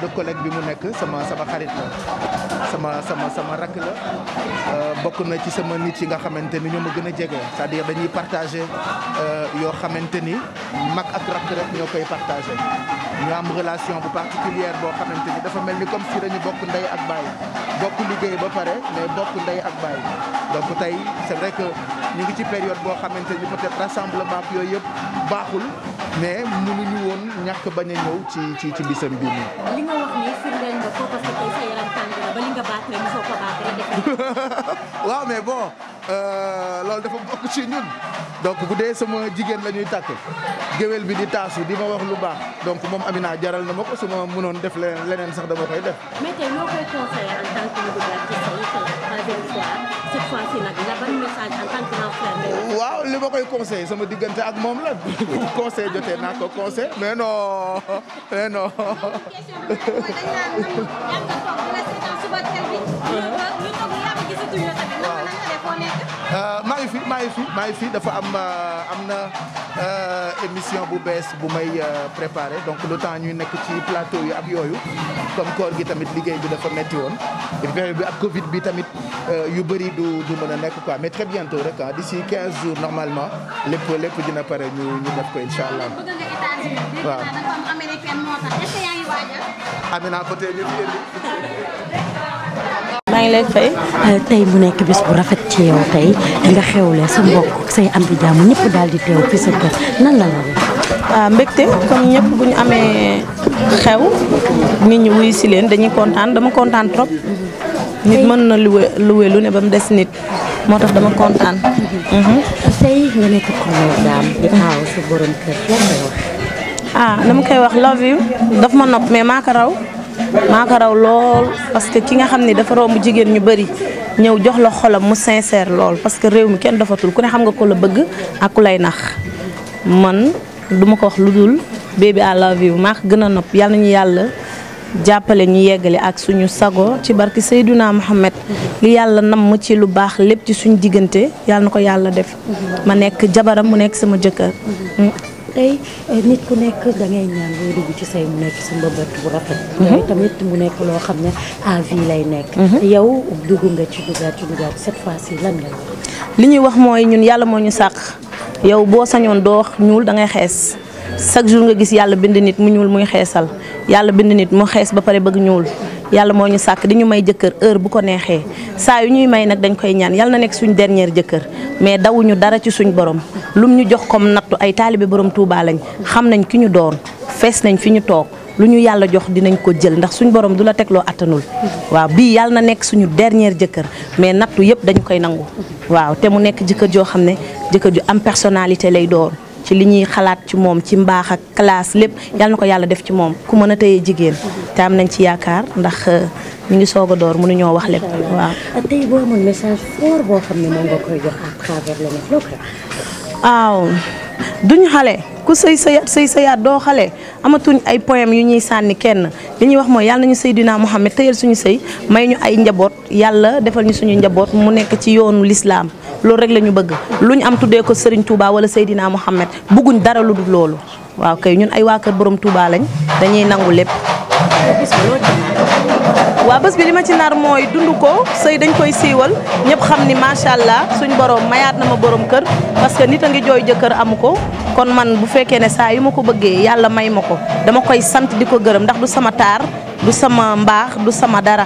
cas de bi mu nekk sama sama xarit la sama sama sama rakk la euh, bokk na ci sama nit yi nga xamante ni ñoo ma gën a jege c'est-à-dire dañuy partagé euh, yoo xamante ni mag ak rakk rek ñoo koy partagé ñu am relation bu particulière boo xamante ni dafa mel ni comme si dañu bokk ndey ak baay bokk liggéey ba pare mais bokk ndey ak baay donc tey c'est vrai que ñu ngi ci période boo xamante ni peut-être rassemblement yooyu yëpp baaxul mais mënuñu woon ñàkk bañ a ñëw ci ci ci bisam bii nga baat waaw mais bon euh, loolu dafa bokk ci ñun donc bu dee sama jigéen la ñuy tàkk géwél bi di taasu di ma wax lu baax donc moom Amina jaral na ma ko su ma def leneen sax dama koy def. waaw li ma koy conseillé sama diggante ak moom la conseil jotee naa ko conseil mais non mais non. ngi fi maa ngi fi dafa am euh, am na euh, émission bu bees bu may euh, préparé donc le temps ñuy nekk ci plateau yu ab yooyu comme koor gi tamit liggéey bi dafa metti woon et période bi ak Covid bi tamit yu bëri du du nekk quoi mais très bientôt rek ah d'ici 15 jours normalement lépp lépp dina pare ñu ñu def allah. waaw bëgg nga ngi lay fay. Euh, tey mu nekk bis bu rafet ci yow tey nga xewle sa mbokk say am di jàmm ñëpp daal di teew fii sa kër nan la la ah, waaw mbégte comme ñëpp bu ñu amee xew nit ñi wuyu si leen dañuy kontaan dama kontaan trop. nit mën na lu luwe lu ne ba mu des nit. moo tax dama kontaan. Mhm. tey ah, dama koy wax love you daf ma nopp mais maa ko raw. maa ko raw lool parce que ki nga xam ni dafa mu jigéen ñu bëri ñëw jox la xolam mu sincère lool parce que réew mi kenn dofatul ku ne xam nga ko la bëgg ak ku lay nax man duma ko lu dul baby I love you maa ko gën a nopp yàlla nañu yàlla jàppale ñu yeggale ak suñu sago ci barki Seydouna Mohamed li yàlla namm ci lu baax lépp ci suñu diggante yàlla na ko yàlla def ma nekk jabaram mu nekk sama jëkkër tey eh, nit ku nekk da ngay ñaan loo ci say mu nekk sa mbëbët bu rafet. Mhm. yooyu tamit mu nekk loo xam ne à vie lay nekk. Mhm. yow dugg nga ci duggaat ci duggaat cette fois ci lan li ñuy wax mooy ñun yàlla moo ñu sàq yow boo sañoon doox ñuul da ngay xees chaque jour nga gis yàlla bind nit mu ñuul muy xeesal yàlla bind nit mu xees ba pare bëgg ñuul. yàlla moo ñu sàkk di ñu may jëkkër heure bu ko neexee saa yu ñuy may nag dañ koy ñaan yàlla na nekk suñu dernière jëkkër mais dawuñu dara ci suñu borom lum ñu jox comme nattu ay taalibe borom Touba lañ xam nañ ki ñu doon fees nañ fi ñu toog lu ñu yàlla jox dinañ ko jël ndax suñu borom du la tegloo attanul waaw bii yàlla na nekk suñu dernière jëkkër mais nattu yëpp dañu koy nangu waaw te mu nekk jëkkër joo xam ne jëkkër ju am personnalité lay doon ci li ñuy xalaat ci moom ci mbaax ak classe lépp yal na ko yàlla def ci moom ku mën a téye jigéen. te am nañ ci yaakaar ndax euh, ñu ngi soog a door mënuñoo wax lépp. waaw tey boo xam ne moom nga koy jox xale ku sëy sëyaat sëy sëyaat doo xale amatuñ ay poème yu ñuy sànni kenn li ñuy wax mooy yàlla nañu Seydina Mohamed tëyal suñu sëy may ñu ay njaboot yàlla defal ñu suñu njaboot mu nekk ci yoonu lislaam loolu rek la ñu bëgg lu ñu am tuddee ko Serigne Touba wala Seydina Mohamed bëgguñ dara lu dul loolu waaw kay ñun ay waa kër borom Touba lañ dañuy nangu lépp. waa bés bi li ma ci nar mooy dund ko sëy dañ koy siiwal ñëpp xam ni macha allah suñ borom mayaat na ma borom kër parce que nit a ngi jooy jëkkër amu ko kon man bu fekkee ne saa yu ma ko bëggee yàlla may ma ko dama koy sant di ko gërëm ndax du sama taar du sama mbaax du sama dara.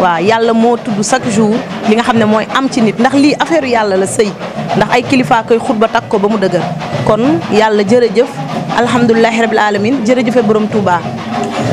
waaw yàlla moo tudd chaque jour li nga xam ne mooy am ci nit ndax lii affaire yàlla la sëy ndax ay kilifa koy xutba takk ko ba mu dëgër kon yàlla jërëjëf alhamdulilahi rabil alamin jërëjëfe borom Touba.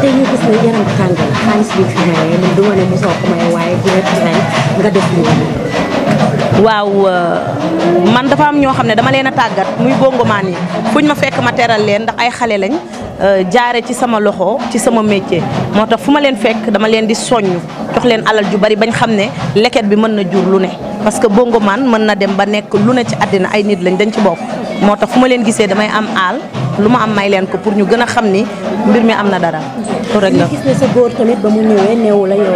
tey ñu gis ne yaram tàng xaalis bi fi maye man du ma ne mosoo ko maye waaye waaw euh, man dafa am ñoo xam ne dama leen a tàggat muy bongomaan yi fuñ ma fekk ma teral leen ndax ay xale lañ euh, jaare ci sama loxo ci sama métier moo tax fu ma leen fekk dama leen di soññ jox leen alal ju bari bañ xam ne leket bi mën na jur lu ne parce que bongo man mën na dem ba nekk lu ne ci àddina ay nit lañ dañ ci bokk moo tax fu ma leen gisee damay am aal lu ma am may leen ko pour ñu gën a xam ni mbir mi am na dara. pour rek la gis ne sa góor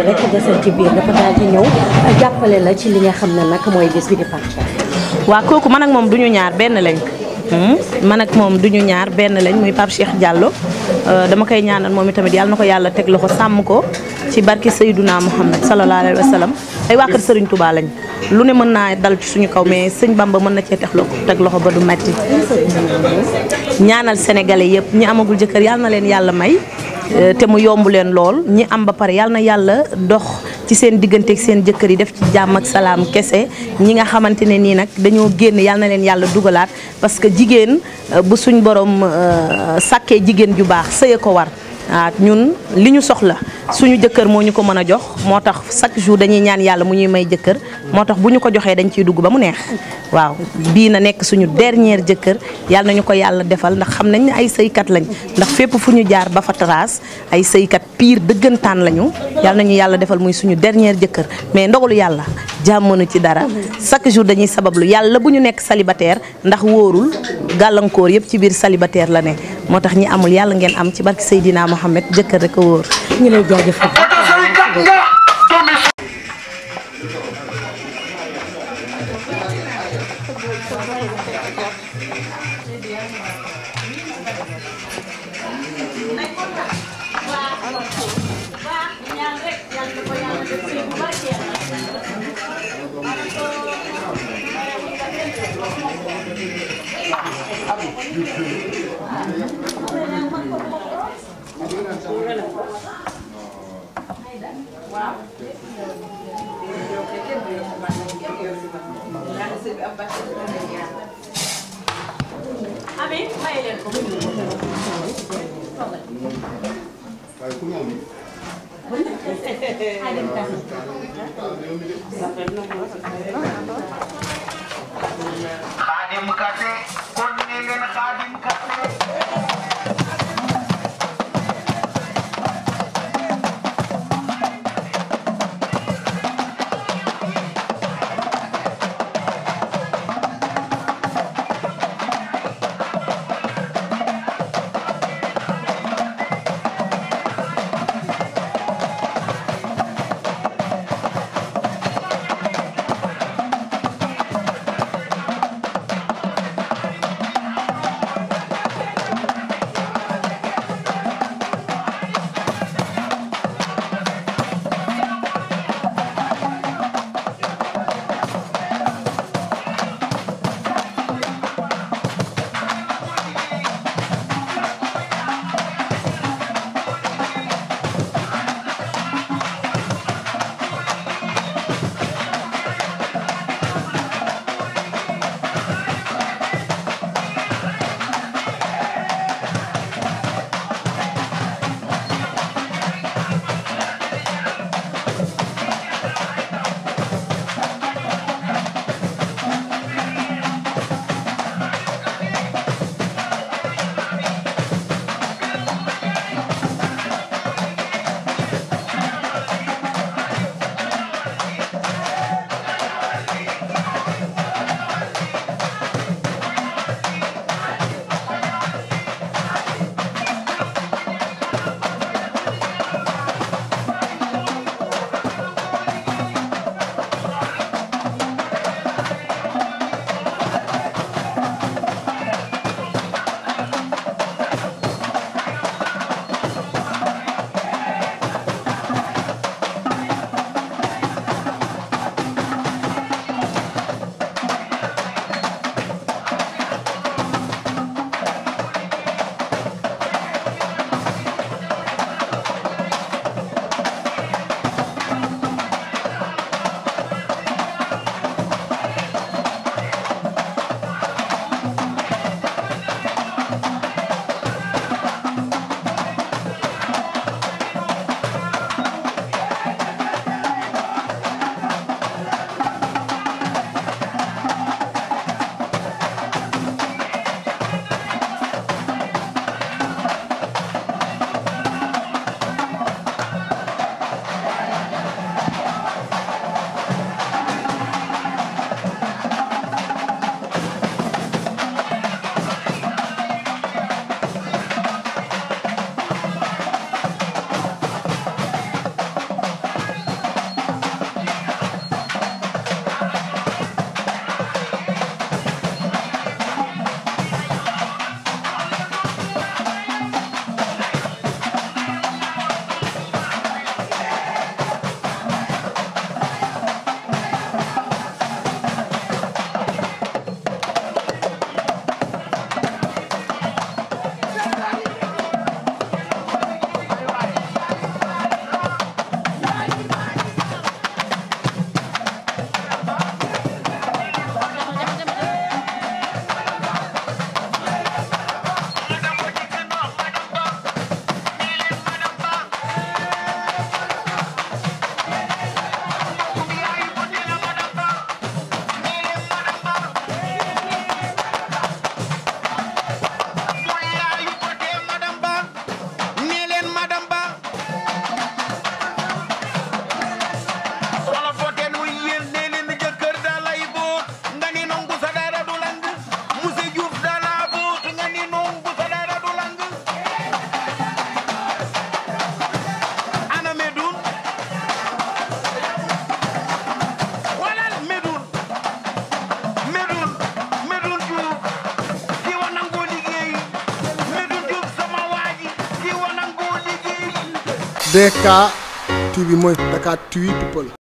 rek ci biir dafa daal di la ci li nga xam ne nag mooy bés bi di Pape waa kooku man ak moom du ñu ñaar benn lañ. Hmm? man ak moom du ñu ñaar benn lañ muy Pape Cheikh jàlloo euh, dama koy ñaanal moom itamit yàlla na ko yàlla teg loxo sàmm ko ci barki Seydouna Muhammad sallallahu alayhi wa sallam ay waa kër Serigne Touba lañ lu ne mën naa dal ci suñu kaw mais sëñ Bamba mën na cee teg loxo teg loxo ba du metti ñaanal sénégalais yëpp ñi amagul jëkkër yàlla na leen yàlla may euh, te mu yomb leen lool ñi am ba pare yàlla na yàlla dox ci seen digganteeg seen jëkkër yi def ci jàmm ak salaam kese ñi nga xamante ne nii nag dañoo génn yàlla na leen yàlla dugalaat parce que jigéen euh, bu suñ borom euh, sàkkee jigéen ju baax sëye ko war ah ñun li ñu soxla suñu jëkkër moo ñu ko mën a jox moo tax chaque jour dañuy ñaan yàlla mu ñuy may jëkkër moo tax bu ñu ko joxee dañ ciy dugg ba mu neex waaw bii na nekk suñu dernière jëkkër yàlla nañu ko yàlla defal ndax xam nañ ne ay sëykat lañ ndax fépp fu ñu jaar ba fa trace ay sëykat piir dëggantaan lañu yàlla nañu yàlla defal muy suñu dernière jëkkër mais ndogalu yàlla jàmmanu ci dara chaque jour dañuy sabablu yàlla bu ñu nekk célibataire ndax wóorul gàllankoor yëpp ci biir célibataire la ne moo tax ñi amul yàlla ngeen am ci barke Seydina Mohamed jëkkër rek a wóor. ñu lay jaajëfal waaw. amiin bàyyi leen ko. waaye ku ñëw nii. Xaadim Kase kon nee ngeen Xaadim Kase. DK TV mooy Dakar TV people.